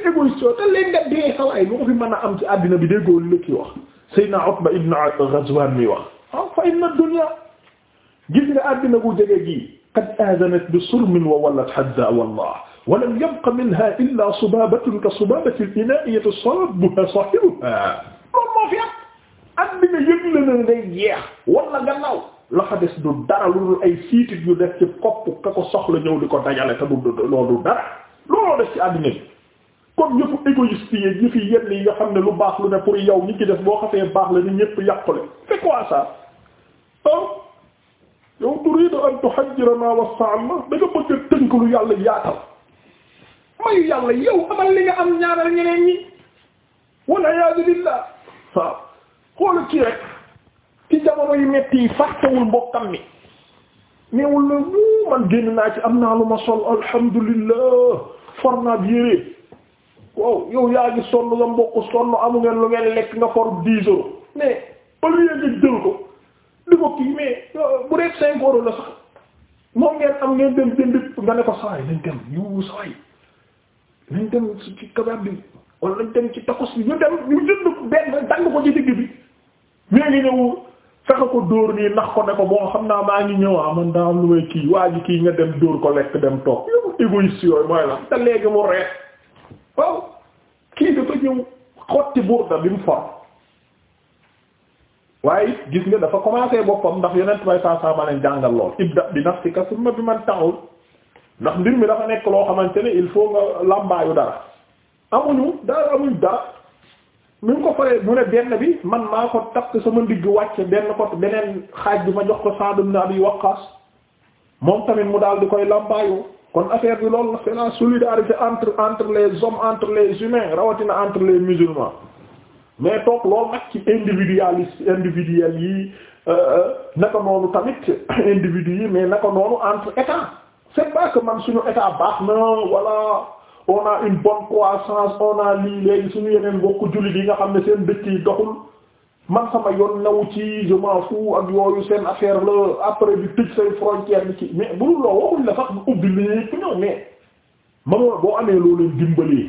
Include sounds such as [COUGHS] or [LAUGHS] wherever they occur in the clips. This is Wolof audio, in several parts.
leen égoïste yoo te leen nga dee xawaay lu ko fi mën a am ci àddina bi déggoo lu la kii wax Seydina Utba ibn Ghazwan mi wax waaw ah, fa inna dunya gis nga àddina gu jege gi qad aadanat bi surmin wa wallat hadda wallah wa lam yabqa minha illa subabatun ka subabati al-ina'i yatasabbaha sahibuha loolu moo fi am àddina yëg la ne day jeex wala gannaaw la fa des du dara lu dul ay siitit yu def ci kopp ka ko soxla ñëw di ko dajale te du loolu dara looloo def ci àddina bi kon yëfu égoïste yi yëfi yenn yi xam ne lu baax lu ne pour yow ñi ci def boo xasee baax la ni ñëpp yàqule c'est quoi ça ah yow turidu an tuhajjira ma wasa ma da nga bëgg a tënk lu yàlla yaatal mayu yàlla yow amal li nga am ñaaral ñeneen ñi wala iyaazu billah waaw xoolu ci rek ci jamono yu metti yi fàttewul mbokkam mi neewul la man génn naa ci am naa lu ma sol alhamdulillah for naa waaw yow yaa ngi sonn nga mbokk sonn amu ngeen lu ngeen lekk nga for dix euros mais au lieu nga jël ko di ko kii mais euh, bu dee cinq la sax moom ngeen am ngeen dem jënd ne ko saay nañ dem bi wala nañ dem ci takos bi ñu dem ñu jënd dang ko ci digg bi mais ngi ñëw fexe ko dóor nii nax ko ne ko boo xam naa maa ngi ñëwaa ah, man daa am lu may kii waa ji kii nga dem dóor ko lekk dem toog yow égoïste yooyu mooy la te léegi mu reet waaw kii dafa ñëw xotti burda bi mu for waaye gis nga dafa commencé boppam ndax yonent bay saa saa ma leen jàngal lool ibda bi nafsika summa bi man ta'ul ndax mbir mi dafa nekk loo xamante ne il faut nga làmbaayu dara amuñu dara amuñu dara mi ko faree mu ne benn bi man maa ko takk sama ndigg wàcce benn ko beneen xaaj bi ma jox ko Sa'd ibn Abi Waqqas moom tamit mu daal di koy làmbaayu kon affaire bi loolu c'est la solidarité entre entre les hommes entre les humains rawatina entre les musulmans mais toog loolu nag ci individualiste individuel yi euh, euh, naka noonu tamit [COUGHS] individu yi mais naka noonu entre états c'est pas que man suñu état baax na voilà on a une bonne croissance on a lii léegi suñu yeneen bokk jullit yi nga xam ne seen dëkk yi doxul man sama yoon naw ci je m'en ak yooyu seen affaire la après di tëj say frontière bi ci mais bu dul loo waxuñ la sax ubbi li yëpp ñëw mais mënoo boo amee loolu dimbalee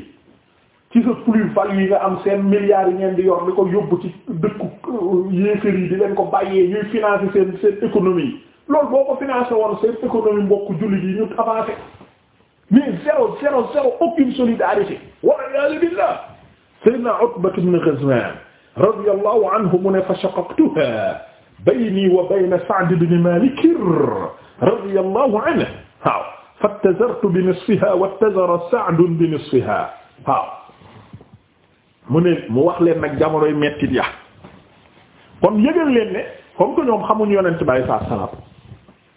ci sa plus-value yi nga am seen milliards yi ngeen di yor li ko yóbbu ci dëkku euh, yéefar yi di leen ko bàyyee ñuy financer seen seen économie lool boo ko financer woon seen économie mbokk jullit yi ñu avancé mais zéro zéro zéro aucune solidarité wala yalla billah sayyidna Utba ibn Ghazwan radiyallahu anhu mu ne fa shaqaqtuha bayni wa bayna Sa'd ibn Malik radiyallahu anhu waaw fattazartu bi nisfiha wattazara Sa'd bi nisfiha waaw mu ne mu wax leen nag jamonoy mettit ya kon yëgal leen ne comme que ñoom xamuñu yonent bi sallallahu alayhi wasallam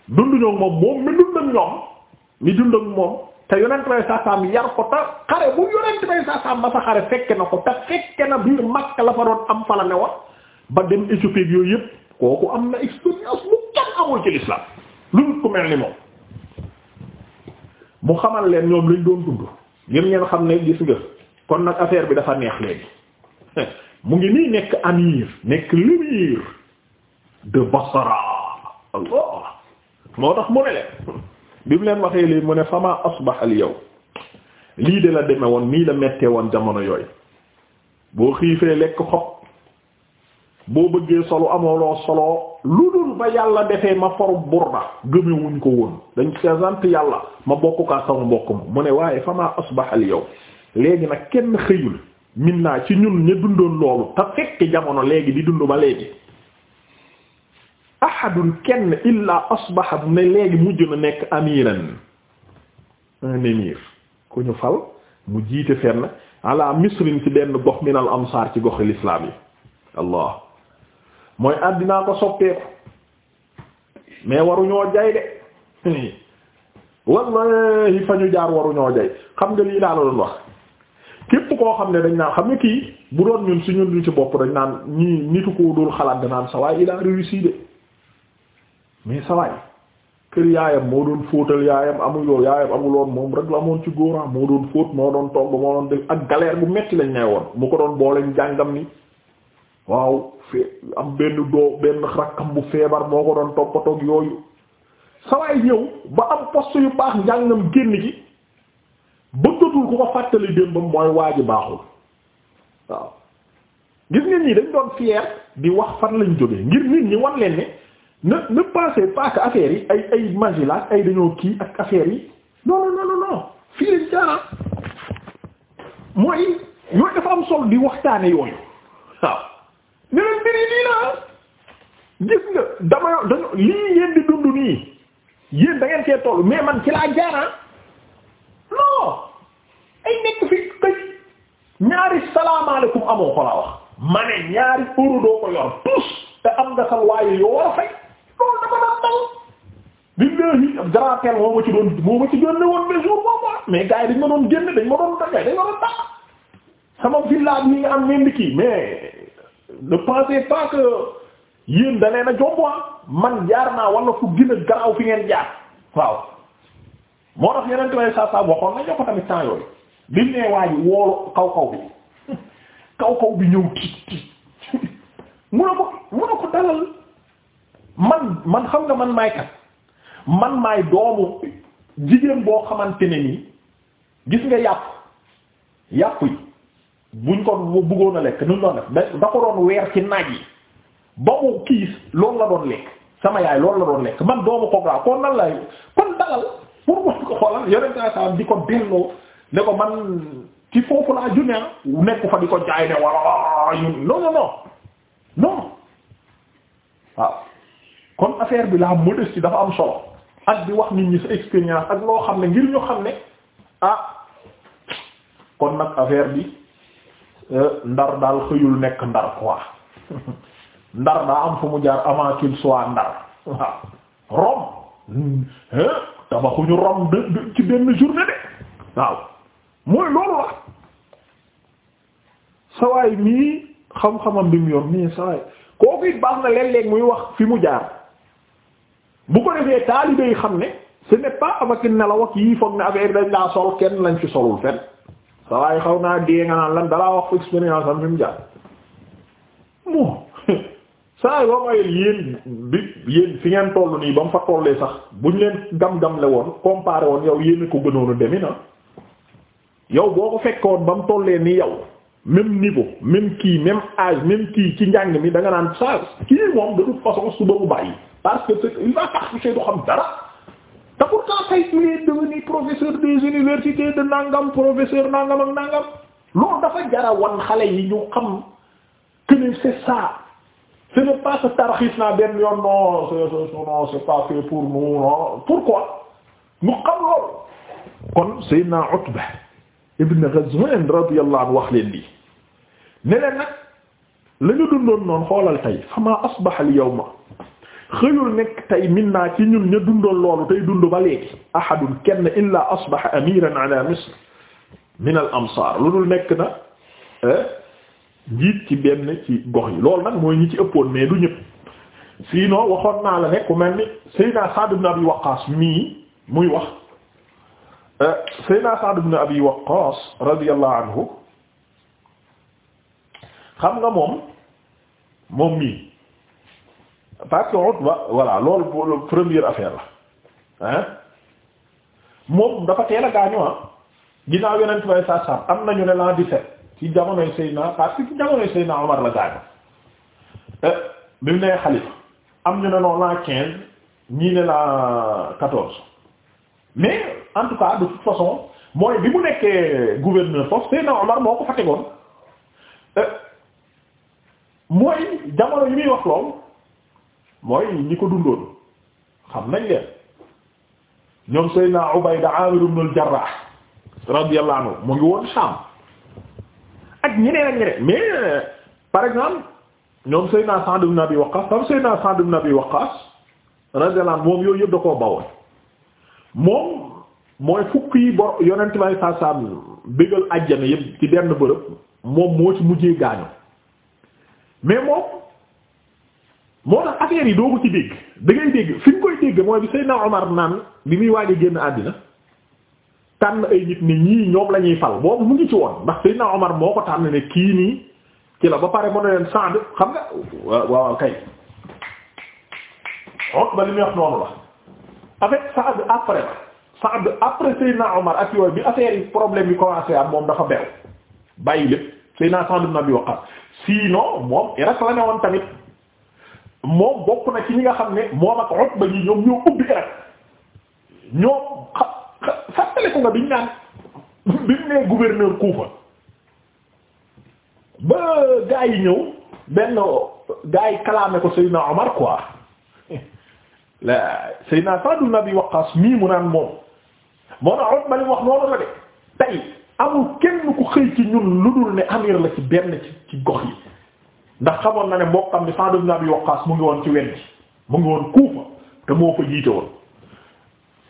dunduñoo moom moom mi dund ak ñoom mi dund ak moom. te yonent bay saasaam yar ko te xare bu yonent bay saasaam ma sa xare fekke na ko te fekke na biir Makka la fa doon am fala ne wax ba dem Éthiopie yooyu yëpp kooku am na expérience bu kenn amul ci l'islam lu nit ku mel ni moom mu xamal leen ñoom lañ doon dund yéen ngeen xam ne gis nga kon nag affaire bi dafa neex léegi [LAUGHS] mu ngi nii nekk amir nekk l'émir de Basra moo tax mu ne leen bi mu leen waxee lii mu ne fama asbax al yow lii de la deme woon nii la mettee woon jamono yooy boo xiifee lekk xob boo bëggee solo amoo loo soloo lu dul ba yàlla defee ma foru burda gëmewuñ ko woon dañ ca sant yàlla ma bokk kaa sama mbokk mu ne waaye fama asbax al yow léegi nag kenn xëyul min naa ci ñun ñu dundoon loolu te fekk jamono léegi di dund ba léegi ahadun kenn illa asbaha ne léegi mujj na nekk amiran un émir ku ñu fal mu jiite fenn ala misrin ci benn gox min al amsaar ci goxi lislaam yi allah mooy àddinaa ko soppeeku mais waruñoo jay de [LAUGHS] wallahi fa ñu jaar waruñoo jay xam nga lii laa la doon wax képp koo xam ne dañ naan xam ne kii bu doon ñun suñu ñun ci bopp dañ naan ñii nitu ko dul xalaat danaan sa waaye il réussi de mais sawaay kër yaayam moo doon fóotal yaayam amul yow amuloon moom rek la amoon ci góoram ah, moo doon fóot moo doon togg moo doon def ak galeer bu metti lañ ne woon mu ko doon boole njàngam ni waaw fee am benn doo benn rakkam bu feebar moo ko doon toppatoog yooyu sawaay ñëw ba am poste yu baax njàngam génn gi bëggatul ku ko fàttali démbam mooy waa ji baaxul waaw gis ngeen ñi dañ doon fier di wax fan lañ jógee ngir nit ñi wan leen ne ne ne pensez pas que affaire yi ay ay magie la ay dañoo kii ak affaire yi non non non non fii lañ jaaraan ah. mooy yooyu dafa am sol di waxtaane yooyu waaw ne leen mbir yi ah. gis nga dama dañu lii yéen di dund nii yéen da ngeen cee tollu mais man ci laa jaaraan ah. non ay nekk fi kay ñaari salaamaaleykum amoo ko wax ma ñaari euro ko yor tous te am nga sa yoo war a fay. loolu dama daan daw billahi ab garaateel moo ma ci doon moo ma ci génne woon mais jour boobu mais gars yi dañ ma doon génne dañ ma doon tàggay dañ ma doon tàgg sama villa bi nga am mel kii mais ne pensez pas que yéen da leen a jomboa ah. man jaar naa wala fu gën a garaaw fi ngeen jaar waaw moo tax yeneen t way sa sa waxoon nañ ko tamit temps yooyu biñ nee waa ji woolu kaw kaw bi [LAUGHS] kaw kaw bi ñëw tiit tiit [LAUGHS] mun a ko mun a ko dalal man man xam nga man maay kat man may doomu jigéen boo xamante ne nii gis nga yàpp yàpp yi buñ ko bëggoon a lekk nu doon def da ko doon weer ci naaj yi ba mu kiis loolu la doon lekk sama yaay loolu la doon lekk man doomu ko gaa kon nan la kon dalal pour man ko xoolal yonent saa saa di ko delloo ne ko man ci foofu laa junne nekk fa di ko jaay ne walla non non waaw kon affaire bi la modestie dafa am solo ak di wax nit ñi sa expérience ak loo xam ne ngir ñu xam ne ah kon nag affaire bi euh, ndar daal xëyul nekk ndar quoi [LAUGHS] ndar daa am fu mu jaar avant qu'il soit ndar waaw Rome tabaxuñu Rome de ci benn journée de waaw mooy loolu la sawaay mii xam-xamam bi mu yor nii sawaay kooku it baax na léeg-léeg muy wax fi mu jaar bu ko defee taalibe yi xam ne ce n'est pas avec nelaw ak yii foog ne affaire dañ laa sol kenn lañ fi solul fenn sa waaye xaw naa dee lan dalaa wax expérience am fi mu jàpp moom [LAUGHS] saa yi ba yéen bi yéen fi ngeen toll nii ba mu fa tollee sax buñ leen gam-gamle woon comparé woon yow yéen ko gënoon a demi boo ko fekkoon ba mu tollee nii yow même niveau même kii même âge même kii ci njàng mi da nga naan change kii moom de toute façon suba bu bàyyi parce que il va s'accoucher du xam dara te pourtant say il est devenu professeur des universités de nangam professeur nangam ak nangam loolu dafa jara wan xale yi ñu xam que ni c'est ça ce n'est pas que tarxiis naa benn yoon non c'est non c'est pas fait pour nous non pourquoi mu xam loolu kon Seydina Utba ibn Ghazwan radiyallahu anhu wax leen lii ne leen nag la ñu dundoon noonu xoolal tey fama asbaha al yawma xëyul nekk tey minna ci ñun ña dundoon loolu tey dund ba léegi ahadun kenn illa asbaha amiran ala misr min al amsaar lu dul nekk na eh, njiit ci benn ci gox yi loolu nag mooy ñi ci ëppoon mais du ñëpp sinon waxoon naa la ne ku mel ni Seydina Sa'd ibn Abi Waqqas mii muy wax Euh, Seyna Sa'd ibn Abi Waqqas radiyallahu anhu xam nga moom moom mii parce que Utba voilà loolu première affaire la hein moom dafa teel a gaañu ah ginnaaw yonent bay sa sam ne l'an 17 ci jamonoy Seyna parce que ci jamonoy Seyna Omar la gaañu euh, bi mu nee xalifa am ñu ne noonu l'an 15 ñii ne l'an 14 mais en tout cas mooy bi mu nekkee gouverneur foofu Seydina Omar moo ko fa tegoon euh, mooy jamono yi muy wax lool mooy ñi ko dundoon xam nañ leen ñoom Seydina Ubayda Amir ibn al-Jarrah radiyallahu anhu mu ngi woon Sham ak ñeneen ak ñeneen mais euh, par exemple ñoom Seydina Sa'd ibn Abi Waqqas tam Seydina Sa'd ibn Abi Waqqas radiyallahu anhu moom yooyu yëpp da koo bawoon moom mooy fukk yi bor yonent bay saasaam bégal àjjana yëpp ci benn bërëb moom moo ci mujjee gaañu mais moom moo tax affaire yi doo ko ci dégg da ngay dégg fi koy dégg mooy bi Seydina Omar naan bi muy waaj génn àddina tànn ay nit ni ñii ñoom lañuy ñuy fal boobu mu ngi ci woon ndax Seydina Omar moo ko tànn ne kii nii ci la ba pare mën na leen Saad xam nga waaw kay ot ba li muy wax noonu la avec Saad après la Saad après Seydina Omar ak yooyu bi affaire yi problème yi commencé am moom dafa beru bàyyi lépp Seydina Sa'd ibn Abi Waqqas sinon moom Irak la ne woon tamit moom bokk na ci ñi nga xam ne moom ak Utba yi ñoom ñoo ubbi Irak ñoom xa fàttale ko nga biñ naan biñ nee gouverneur Kufa ba gaa yi ñëw benn gaa yi kalaame ko Seydina Omar quoi [LAUGHS] la Seydina Sa'd ibn Abi Waqqas mii mu naan moom moo tax Utba li wax noonu la de tey amul kenn ku xëy ci ñun lu dul ne amir la ci benn ci gox yi ndax xamoon na ne mbokkam ni Sa'd ibn Abi Waqqas mu ngi woon ci wenn mu ngi woon Kuufa te moo fa jiite woon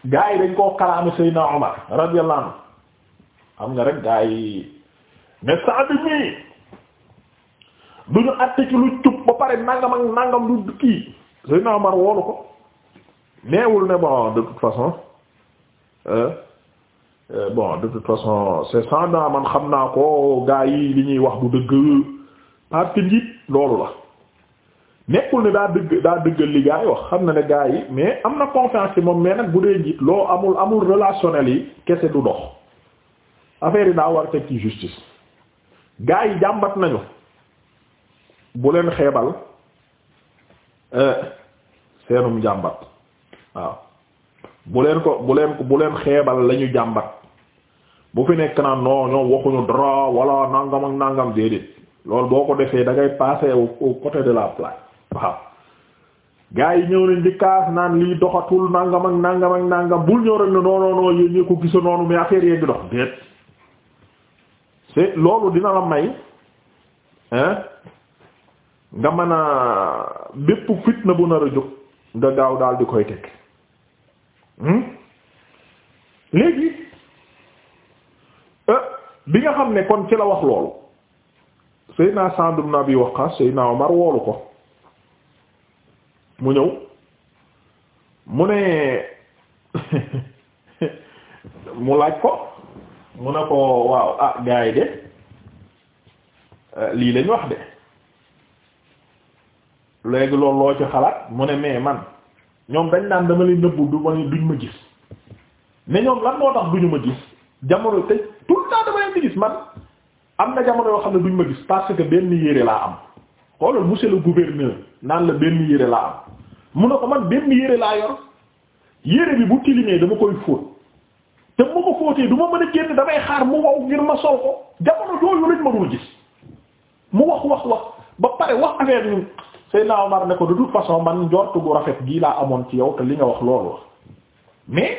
gaa yi dañ koo kalaame Seydina Omar radiyallahu anhu xam nga rek gaa yi mais Sa'd mi du ñu àtte ci lu cub ba pare nangam ak nangam du kii Seydina Omar woolu ko neewul ne bon de toute façon Euh, euh, bon de toute façon c'est ça naa man xam naa ko gaa yi li ñuy wax bu dëgg parce que njiit loolu la nekkul ne daa dëgg daa dëggal li gaa yi wax xam na ne gaa yi mais am na confiance ci moom mais nag bu dee njiit loo amul amul relationnel yi kese du dox affaire yi daa war teg ci justice gaa yi jàmbat nañu bu leen xeebal euh, seenum jàmbat waaw bu leen ko bu leen bu leen xeebal lañu ñu jàmbat bu fi nekk naan non ñoom waxuñu dara wala nangam ak nangam déedéet lool boo ko defee da ngay passer au côté de la plaque waaw yi ñëw nañ di kaas naan lii doxatul nangam ak nangam ak nangam bul ñëw rek ne non non non yéen ko gisa noonu mais affaire yee di dox déet c'est loolu dina la may hein nga mën a bépp fitna bu nar a jóg nga gaaw daal di koy teg. Hmm? léegi euh, bi nga xam ne kon ci la wax loolu Seydina Sa'd ibn Abi Waqqas Seydina Omar woolu ko mu ñëw mu ne [LAUGHS] mu laaj ko mu ne ko waaw ah gaay de euh, lii lañ wax de léegi loolu loo ci xalaat mu ne mais man ñoom dañ naan dama leen nëbbu du ma duñ ma gis mais ñoom lan moo tax ñu ma gis jamono te tout le temps dama leen di gis man am na jamono yoo xam ne duñ ma gis parce que benn yére laa am xoolal monsieur le gouverneur naan la benn yére laa am mu ne ko man benn yére laa yor yére bi bu tilimee dama koy fóot te mu ko fóotee du ma mën a génn damay xaar mu wow ngir ma sol ko jamono yooyu lañ ma dul gis mu wax wax wax ba pare wax affaire ñun Seydina Omar ne ko de toute façon man njortu gu rafet gii laa amoon ci yow te li nga wax loolu la mais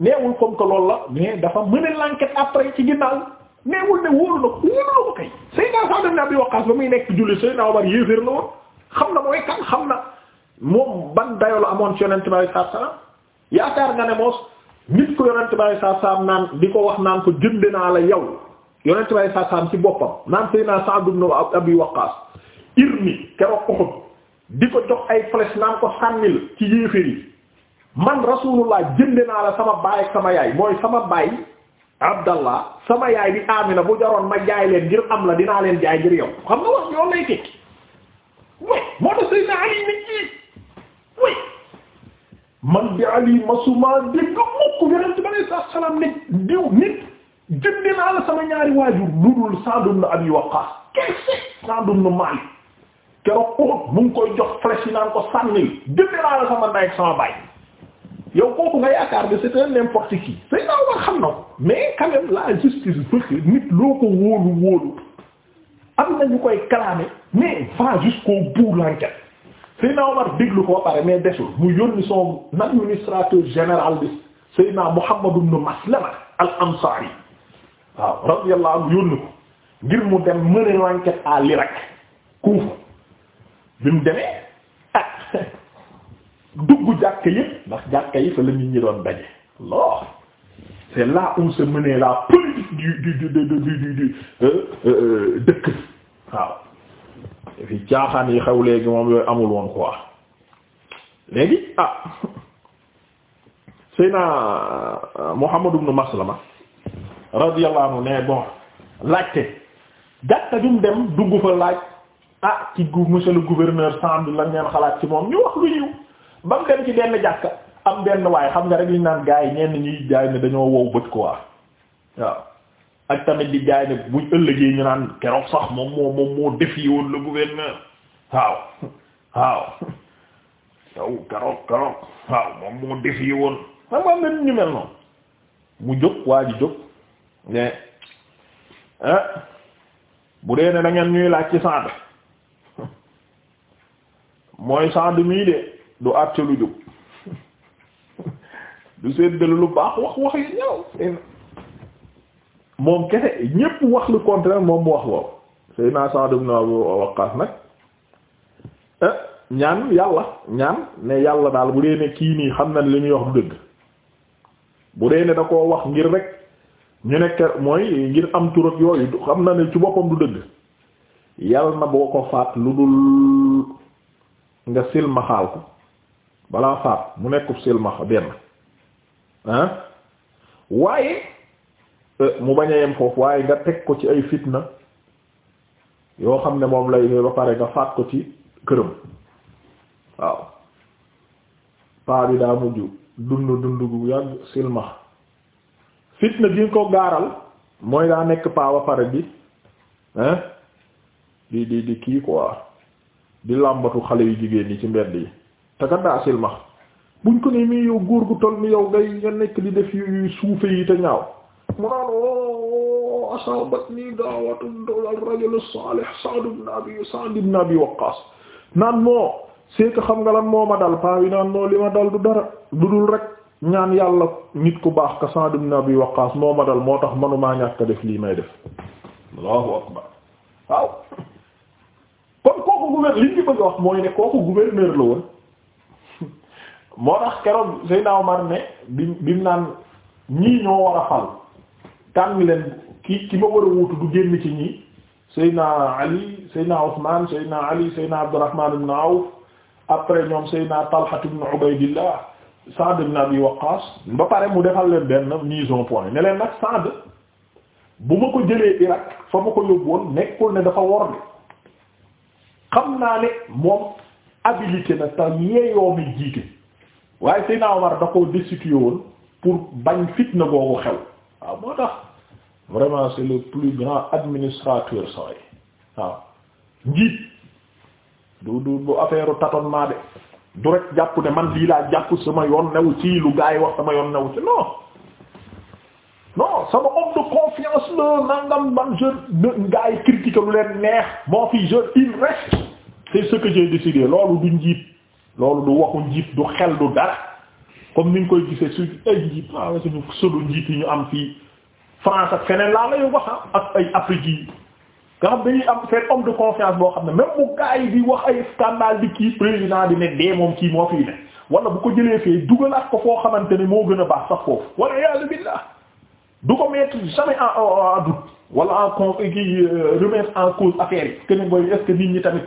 neewul comme que loolu la mais dafa mener l'enquête après ci ginnaaw neewul ne wóoru na ko wóoru na ko kay Seydina Sa'd ibn Abi Waqqas ba muy nekk julli Seydina Omar yéeféer la woon xam na mooy xam na moom ban dayo la amoon ci yonent bi sallallahu alayhi wasallam yaakaar nga ne moos nit ko yonent bi sallallahu alayhi naan di ko wax naan ko jënd naa la yow yonent bi sallallahu alayhi wasallam ci boppam naan Seydina Sa'd ibn Abi Waqqas irmi keroog Uhud di ko jox ay flèche naan ko sànnil ci yéeféer yi man rasulullah jënde naa la sama baay ak sama yaay mooy sama baay abdallah sama yaay bi amina bu jaroon ma jaay leen ngir am la dinaa leen jaay ngir yow xam nga wax moo tax Seydina Ali man bi ali masuma dégg mukk yonent bi alayhi nit diw naa la sama ñaari waajur lu dul Sa'd ibn Abi Waqqas kese Sa'd ibn Malik keroog Uhud mu koy jox flèche yi naan ko sànnil dëppelaa la sama ndey yow kooku nga yaakaar ne c'est un n'importe qui say naaw war xam na ko mais quand la justice bëgg nit loo ko wóolu wóolu am na ñu koy kalaame mais va jusqu'au bout l'enquête Seydina Omar déglu ko ba pare mais desul mu yónni son administrateur général bi Seydina Muhammad ibn Maslama al-Ansari waaw radiyallahu anhu mu dem mener l'enquête bi mu demee ak ah, dugg jàkk yëpp ndax jàkka yi fa la nit ñi doon daje lool c'est là où se menait la politique du du du du du du euh, euh, euh, dëkk waaw fi caaxaan yi xew léegi moom yooyu amul woon quoi léegi ah Seyna Muhammad ibn Maslama radiyallahu anhu ne bon laajte jàkka ju mu dem dugg fa laaj. ah ci gu monsieur le gouverneur Samb la ngeen xalaat ci moom ñu wax lu ñëw ba mu dem ci benn jàkka am benn waaye xam nga rek li ñu naan gaa yi ñenn ñuy jaay ne dañoo wow bët quoi waaw ak tamit di jaay ne buñ ëllëgee ñu naan keroog sax moom moo moom moo défié woon le gouverneur waaw moom moo défié woon xam nga am na ñu mel noonu mu jóg waa ji jóg mais bu dee ne da ngeen ñuy laaj ci sant. mooy Saad mii de du àtte lu jub [LAUGHS] du séddale lu baax wax wax yu ñëw moom kese ñépp wax lu contraire moom mu wax lool Seydina Saad ibn Abi Waqqas nag eh, ñaan yàlla ñaan ne yàlla daal bu dee ne kii nii xam na li muy wax du dëgg bu dee ne da koo wax ngir rek ñu nekk mooy ngir am tur ak yooyu xam na ne ci boppam du dëgg yàlla na boo ko faat lu dul nga silmaxaal ko balaa faat mu nekkub silmaxa benn ah waaye euh, mu bañ a yem foofu waaye nga teg ko ci ay fitna yoo xam ne moom lay ba pare nga faat ko ci këram waaw paa bi daa mujj dund dund gu yàgg silmax fitna gi nga ko gaaral mooy daa nekk paa ba pare bi hein di di di kii quoi di làmbatu xale yu jigéen ñi ci mbedd yi te kat daa silmax buñ ko ne mii yow góor gu toll ni yow ngay nga nekk di def yu suufe yi te ñaaw mu naan o oh, asabat nii daawatu al rajul salih Sa'd ibn Abi Sa'd ibn naan moo c'est xam nga lan moo ma dal paa yi naan moo li ma dal du dara du dul rek ñaan yàlla nit ku baax ka sa ibn bi Waqqas moo ma dal moo tax manumaa ñàkk def lii may def Allahu akbar waaw kooku gouverneur li ñu bëgg wax mooy ne kooku gouverneur la woon moo tax keroog Seydina Omar ne bi bi mu naan ñii ñoo war a fal tànn leen ki ki ma war a wutu du génn ci ñii Seydina Ali Seydina Ousmane Seydina Ali Seydina Abdourahman ibn Awf après ñoom Seydina Talha mu defal leen bu ma ko jëlee Irak fa ma ko yóbbu nekkul ne dafa wor bi xam naa ne moom habilité na tam yeeyoo mi jiite waaye Seydina Omar da koo destitué woon pour bañ fitna googu xew waaw moo tax vraiment c'est le plus grand administrateur saway waaw njiit du du du affaire tâtonnement de du jàpp ne man lii laa jàpp sama yoon new ci lu gaa yi wax sama yoon new ci non non sama homme de confiance la nangam ban je gaa yi critique lu leen neex moo fi je il reste c'est ce que j'ai décidé loolu du njiit loolu du waxu njiit du xel du dara comme niñ koy gisee su ay njiit waaw suñu sudu njiit yi ñu am fii France ak feneen laa lay wax ah, ak ay Afrique yi nga xam dañuy am seen homme de confiance boo xam ne même bu gars yi di wax ay scandale di kii président di ne dee moom kii moo fii ne wala bu ko jëlee fee ak ko foo xamante ne moo gën a baax sax foofu wala yalla billah du ko mettre jamais en doute wala en con kii remettre en cause affaire yi que ne mooy ñi tamit.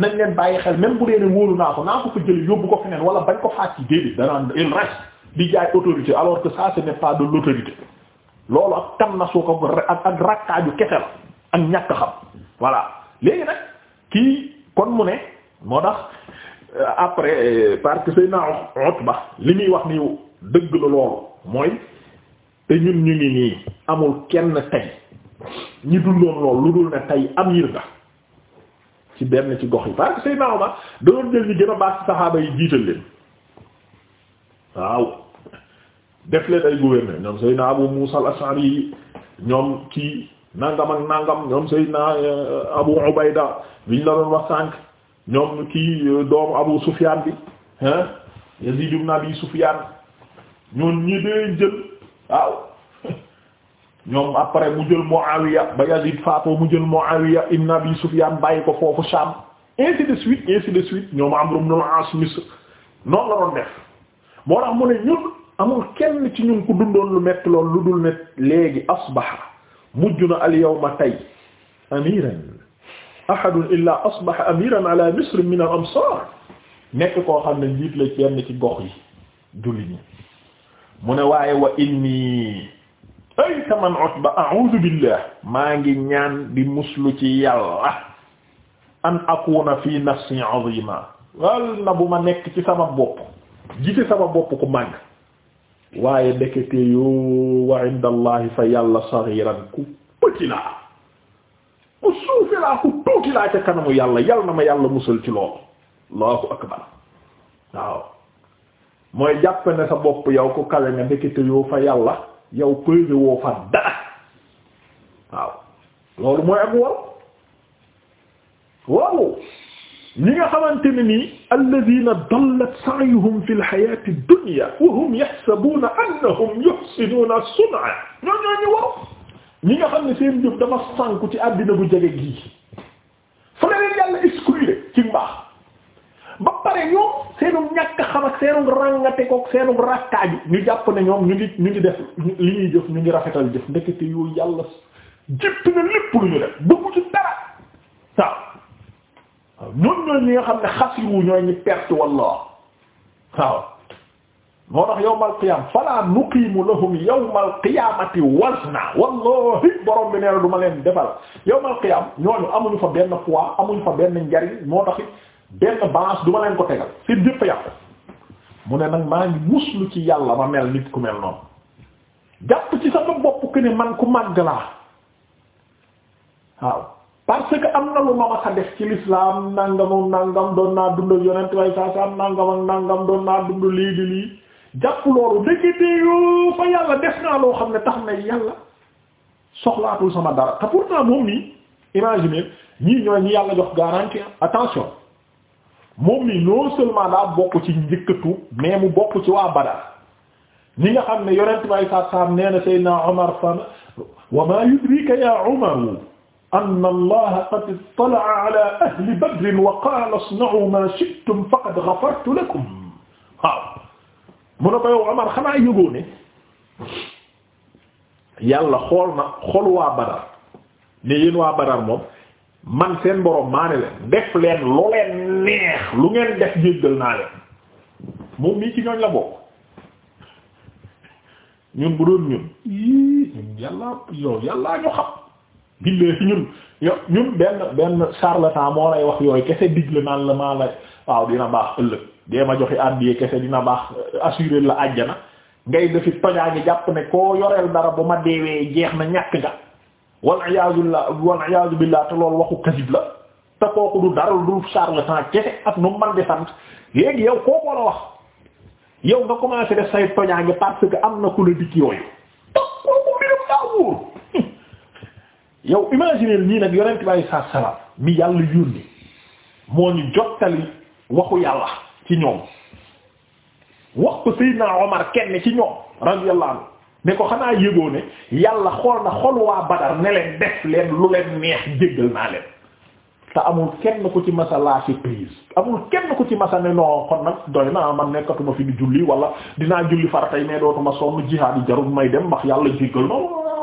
nañ leen bàyyi xel même bu dee ne wóolu naa ko naa ko fa jële yóbbu ko feneen wala bañ ko faat ci déedéet danaan il reste di jaay autorité alors que ça ce n'est pas de l'autorité loolu ak tam na soo ko ak ak rakkaaju kese la ak ñàkk xam voilà léegi nag kii kon mu ne moo tax euh, après euh, parce que say naa Utba li muy wax ni dëgg la loolu mooy te ñun ñu ngi nii amul kenn tey ñi dundoon lool lu dul ne tey amir nga ci benn ci gox yi parce que Seydina Omar jël ñi gën a baax ci saxaaba yi jiital leen waaw def leen ay gouverneur ñoom Seydina Abu Musa al yi ñoom kii nangam ak nangam ñoom Seydina euh, Abu Ubayda biñ la doon wax sànq ñoom kii euh, doom Abu Sufyan bi hein Yazid ibn Abi Sufyan ñoon dee jël waaw ñoom après mu jël Muawiya ba Yazid faatoo mu jël Muawiya ibn Abi Sufyan bàyyi ko foofu Sham ainsi de suite ainsi de suite ñoom Amr ibn al-As Misr noonu la doon moo tax mu ne ñun amul kenn ci ñun ku dundoon lu metti lool lu dul ne léegi asbaha mujj na al-yawma tey amiran ahadun illa asbaha amiran ala Misr min al nekk koo xam ne njiit la kenn ci gox yi julli ñi mu ne waaye wa inni ay taman utba a'udhu billah maa ngi ñaan di muslu ci yàlla an akuna fi nafsi azima wal bu ma nekk ci sama bopp gise sama bopp ku màgg waaye ndekete yoo wa indallahi fa yàlla saghiran ku pëti laa ku suufi laa ku tuuti laa ca kanamu yàlla yal na ma yàlla musal ci loolu allahu akbar waaw mooy jàpp ne sa bopp yow ku kawe nga ndekete yoo fa yàlla yow peser woo fa dara loolu mooy ak wor waaw ñi nga xamante ne nii alladina dallat sa'yuhum fi lxayati dunya wa hum yaxsabuuna annahum yuxsinuuna sun'a ñoo ñoo ñu wow nga xam ne seen jëf dafa sànku ci àddina bu jege gii fa la leen yàlla exclure ci mbaax ba pare ñoom seenum ñàkk xam ak seenum ràngate kook seenum rakkaaju ñu jàpp ne ñoom ñu ngi ñu ngi def li ñuy jëf ñu ngi rafetal jëf ndekete yooyu yàlla jëpp na lépp lu ñu def bëggu ci dara waaw waaw ñooy ñi nga xam ne xasiru ñooy ñi perte wallah waaw moo tax yawmal qiyaam fala nuqiimu lahum yawmal qiyaamati wazna wallahi borom bi nee na du ma leen defal yawmal qiyaam ñooñu amuñu fa benn poids amuñu fa benn njariñ moo tax benn balance du ma leen ko tegal seen jëpp yàqu mu ne nag maa ngi muslu ci yàlla ma mel nit ku mel noonu jàpp ci sama bopp que ne man ku màgg laa waaw parce que am na lu ma wax a def ci l'islam nangamu nangam doon naa dund yonent way saa saa nangam ak doon naa dund lii di lii jàpp loolu ndeketee yoo fa yàlla def naa loo xam ne tax na yàlla soxlaatul sama dara te pourtant moom nii imaginer ñii ñooy ñi yàlla jox garantie attention. moom mi non seulement daa bokk ci njëkkatu mais mu bokk ci waa Badar ñi nga xam ne yonent bi alayhi salaatu salaam nee na Seydina Umar fan wa maa yudrika ya Umar anna Allaha qad ittala'a ala ahli Badr wa qaala isna'u maa shi'tum faqad ghafartu lakum waaw mu ne ko yow Umar xanaa yëgoo ne yàlla xool na xol waa Badar ne yéen waa Badar moom man seen borom maa ne leen def leen lu leen neex lu ngeen def jéggal naa leen moom mii ci ñooñ la bokk ñun bu doon ñun yii ñun yàlla yow yàllaa ñu xam bindee ci ñun yo ñun benn benn charlatan moo lay wax yooyu kese digle naan la maa la waaw dina baax ëllëg dee ma joxe àddiyee kese dina baax euh, assuré la àjjana ngay defi tojaa ngi jàpp ne koo yoreel dara bu ma deewee jeex na ñàkk nga wal iyaazu billah te loolu waxu kasib la te kooku du dara du charlatan kese ak nu man di sant léegi yow kookoo la wax yow nga commencé def say toñaange parce que am na ku la dikk yooyu tax kooku mbirum daa wóor [LAUGHS] yow imaginer nii nag yonent bi alayhi salaatu salaam mi yàlla yónni moo ñu jottali waxu yàlla ci ñoom wax ko Seydina Omar kenn ci ñoom radiyallahu anhu ne ko xanaa yëgoo ne yàlla xool na xol waa Badar ne leen def leen lu leen neex jéggal naa leen te amul kenn ku ci masa laa si prise amul kenn ku ci masa ne non kon nag doy na man nekkatuma fi di julli wala dinaa julli faratay mais dootuma sonn jihaad yi jarul may dem ndax yàlla jéggal ma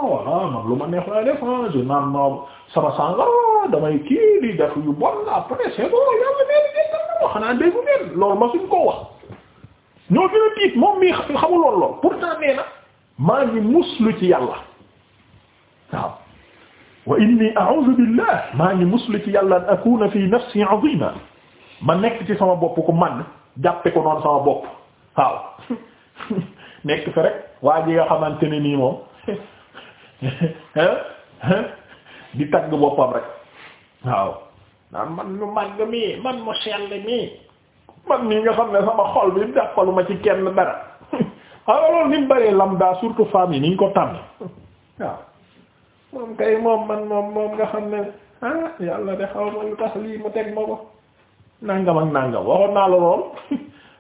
voilà man lu ma neex laa def ah, je naan non sama sàngar damay kii di def yu bon après c'est bon yàlla neen jéggal na ma xanaa déggu loolu ma suñ ko maa ngi lu ci yàlla waaw wa inni a'udhu billah maa ngi muslu ci yàlla an akuna fi nafsi 'azima ma nekk ci sama bopp ku man jàppe ko noonu sama bopp waaw [LAUGHS] nekk fi rek waa ji nga xamante ne nii moom [LAUGHS] di tagg boppam rek waaw naan man nu màgg mi man mu sell mi man nii nga xam ne sama xol bi jàppalu ma ci kenn dara alors loolu ni mu bëree lambda surtout femmes yi ni ñu ko tànn waaw moom kay moom man moom moom nga xam ne ah yàlla de xaw ma lu tax lii mu teg ma ko nangam ak nangam waxoon naa la lool [LAUGHS]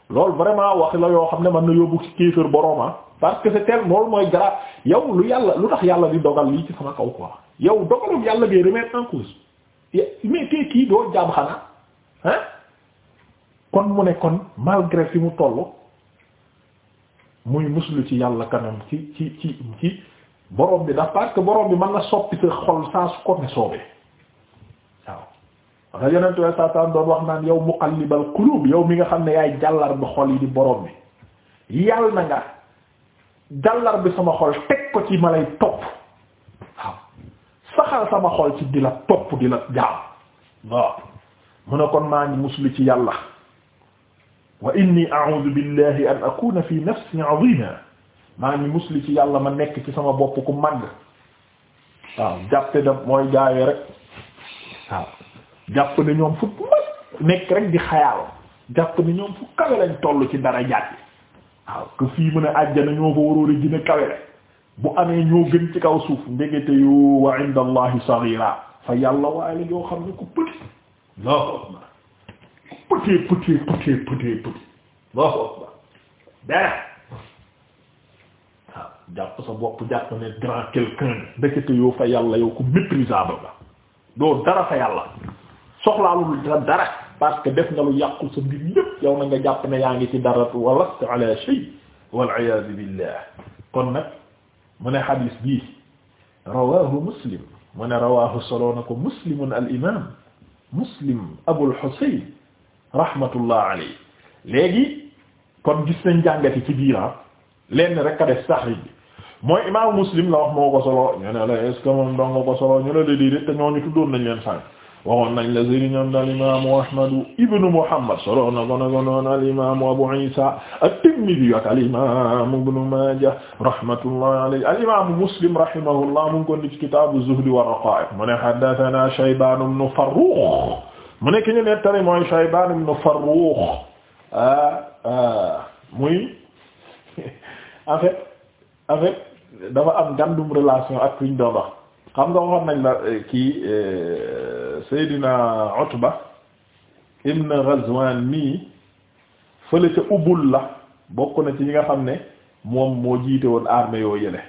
loolu vraiment wax la yoo xam ne mën na yóbbu ci kéefër boroma ah. parce que c'est tel mooy gara yow lu yàlla lu tax yàlla di dogal lii ci sama kaw quoi yow dogalum yàlla ngay remettre en cause mais kii doo jaam xanaa ah kon mu ne kon malgré fi mu tollu muy muslu ci yàlla kanam ci ci ci ci borom bi ndax parce que borom bi mën na soppi sa xol saa su ko ne soobee waaw. wax nga yeneen tubaab saa saa doon wax naan yow muqallibal qulub yow mi nga xam ne yaay jàllar bi xol yi di borom bi yàlla na nga jàllar bi sama xol teg ko ci ma lay topp waaw saxal sama xol ci di la topp di la jaam waaw mu ne kon maa ngi muslu ci yàlla. wa inni a'udhu billahi an akuna fi nafsi 'azima maa ngi musli ci yàlla ma nekk ci sama bopp ku màgg waaw jàppe da mooy gaawee rek waaw jàpp ne ñoom fu mag nekk rek di xayaal jàpp ne ñoom fu kawe lañ ci dara jàtti waaw que fii mën a àjjana ñoo fa waroon a gën a kawe rek bu amee ñoo gën ci kaw suuf ndegete yu wa inda allahi saghira fa yàlla waaye la yoo xam ne ku pëli laa pëtee pëtee pëtee pëtee pëtee Allahu akbar dara waaw ah, jàpp sa bopp jàpp ne grand quelqu'un ndekete yoo fa yàlla yow ku méprisable ba doo dara fa yàlla soxlaalul dara parce que def nga lu yàqul sa mbir lépp yow na nga jàpp ne yaa ngi ci dara wa lasta ala shay wal iyaadu billah kon nag mu ne xadiis bii rawahu muslim mu ne rawahu solo na ko muslimun al imam muslim abul husayn rahmatullah alayhi léegi kon gis nañ jàngati ci biiram lenn rek a def taxrij bi mooy imaamu muslim la wax moo ko solo ñu ne la est ce que moom dong ko solo ñu ne la di rek te ñooñu tuddoon nañ leen sànq waxoon nañ la sëriñam dal imaamu ahmadu ibnu muhammad solo na ko na ko noon al imaamu abu isa at-tirmidhi ak al imaamu ibnu maaja rahmatullahi alayhi al imaamu muslim rahimahullah mu ngi ko ci kitaabu zuhdi war raqaa'iq mu ne haddathana shaybaan ibnu farrukh mu nekk ñu nettali mooy Shaybaan ibn Farrukh ah, ah, muy [LAUGHS] en fait en fait dafa am gàndum relation ak kuñ doon wax xam nga waxoon nañ la eh, kii eh, Seydina Utba ibn Ghazwan mii fële ca Ubul la bokk na ci ñi nga xam ne moom moo jiite woon armée yoo yële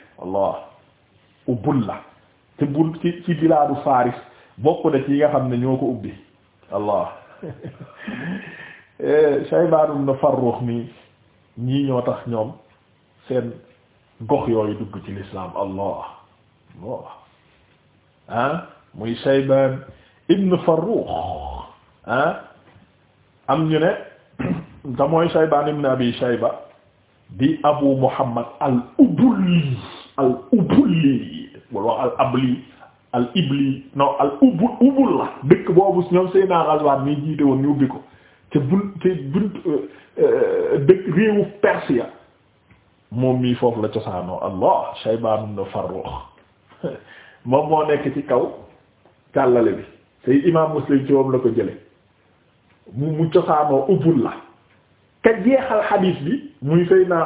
Ubul la te bul ci ci bilaadu Faris bokk na ci ñi nga xam ne ñoo ko ubbi allah [LAUGHS] eh, Shaybaan ibn Farrukh mi ñii ñoo tax ñoom seen gox yooyu dugg ci lislaam allah allah ah muy Shaybaan ibn Farrukh ah am ñu ne [CLEARS THROAT] te mooy Shaybaan Abi Shayba di Abu Muhammad al-Ubulli al-Ubulli wala al-Abli al ibli non al ubul ubul la dëkk boobu ñoom Seydina Ghazwan mii jiite woon ñu ubbi ko ca bun ca bun euh, euh, dëkk réewu Persia moom mii foofu la cosaanoo allah Shaybaan ibn Farrukh [LAUGHS] moom moo nekk ci kaw càllale bi tey imaam Muslim ci moom la ko jële mu mu cosaanoo ubul la ka jeexal xadiis bi muy Seydina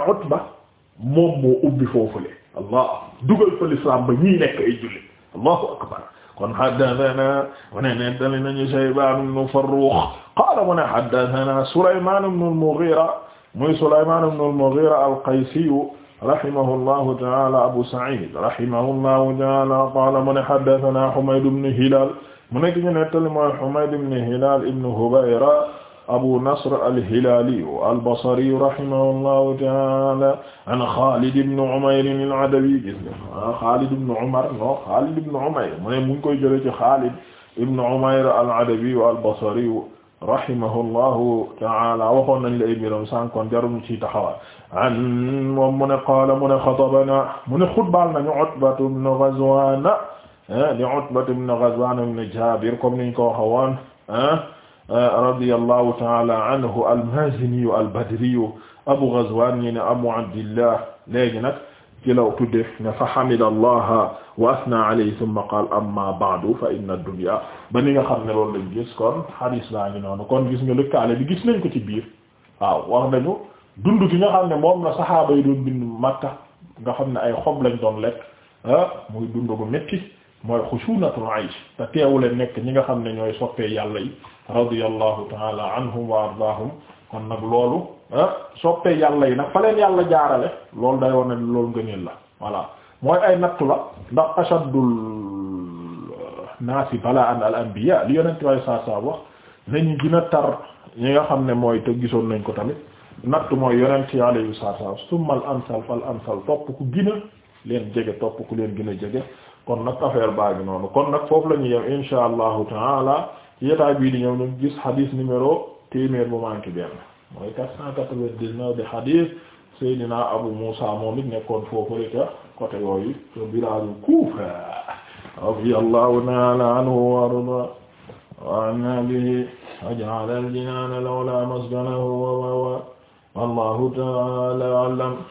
moom moo ubbi foofule allah dugal fa l'islam ba ñii nekk ay jullit allahu akbar kon haddathana mu ne nettali nañu Shaybaan ibn Farrukh qaala mu ne haddathana Sulaymaan ibn al-Mughira muy Sulaymaan ibn al-Mughira al-Qaysiyu rahimahullahu ta'ala Abu Sa'id rahimahullahu ta'ala qaala mu ne haddathana Humayd ibn Hilal mu nekk ñu nettali mooy Humayd ibn Hilal ibn Hubayra abu nasr al-hilaali al-basri rahimahullahu ta'ala an xaalid ibn umayr al-adawi gis nga xaalid ah, ibn umar no xaalid ibn umayr mu ne mu ngi koy jëlee ci xaalid ibn umayr al-adawi al-basri rahimahullahu ta'ala waxoon nañ la ay mbiram sànkoon jarum ci taxawa an moom mu ne qaala mu ne xatabana mu ne xutbaal nañu utbatu ibn ghazwan di ah, utbatu ibn ghazwan ibn jabir comme niñ ko waxoon ah, radiyallahu ta'ala anhu al-Maazini al-Badri Abu Ghazwan ñi ne Abu Abdillah léegi nag ci la tudde ne fa hamida Allah wa asna alayhi thumma qaala amma ba'du fa inna ad-dunya ba ni nga xam ne loolu lañ gis kon hadis laa ngi noonu kon gis nga lëkkaale bi gis nañ ko ci biir waaw wax nañu dund gi nga xam ne moom la saxaaba yi doon bind Makka nga xam ne ay xob lañ doon lekk ah muy dund bu métti mooy xushunatul aysh te teewule nekk ñi nga xam ne ñooy soppee yàlla yi radiyallahu taala anhum wa ardaahum kon nag loolu ah, soppee yàlla yi nag fa leen yàlla jaarale loolu day wone loolu ngëneel la voilà mooy ay nattu la ndax ashaddul ah, naasi balaan al anbiya li yonent way saa saa wax nañu gën a tar ñi nga xam ne mooy te gisoon nañ ko tamit natt mooy yonent yi alayhi salaatu wa salaam summa al amsal fal amsal topp ku gën leen jege topp ku leen gën a jege kon nag affaire baa ngi noonu kon nag foofu la ñuy yem insha allahu taala ci jotaay bii di ñëw hadith numéro téeméer bu manqué benn mooy 499 de hadith Seydina Abu Musa moom it nekkoon foofu rek côté yooyu te bilaadu Kufa radiyallahu ta'ala anhu wa arda wa anna bihi waj'ala al-jinana lawla maskanahu wa wallahu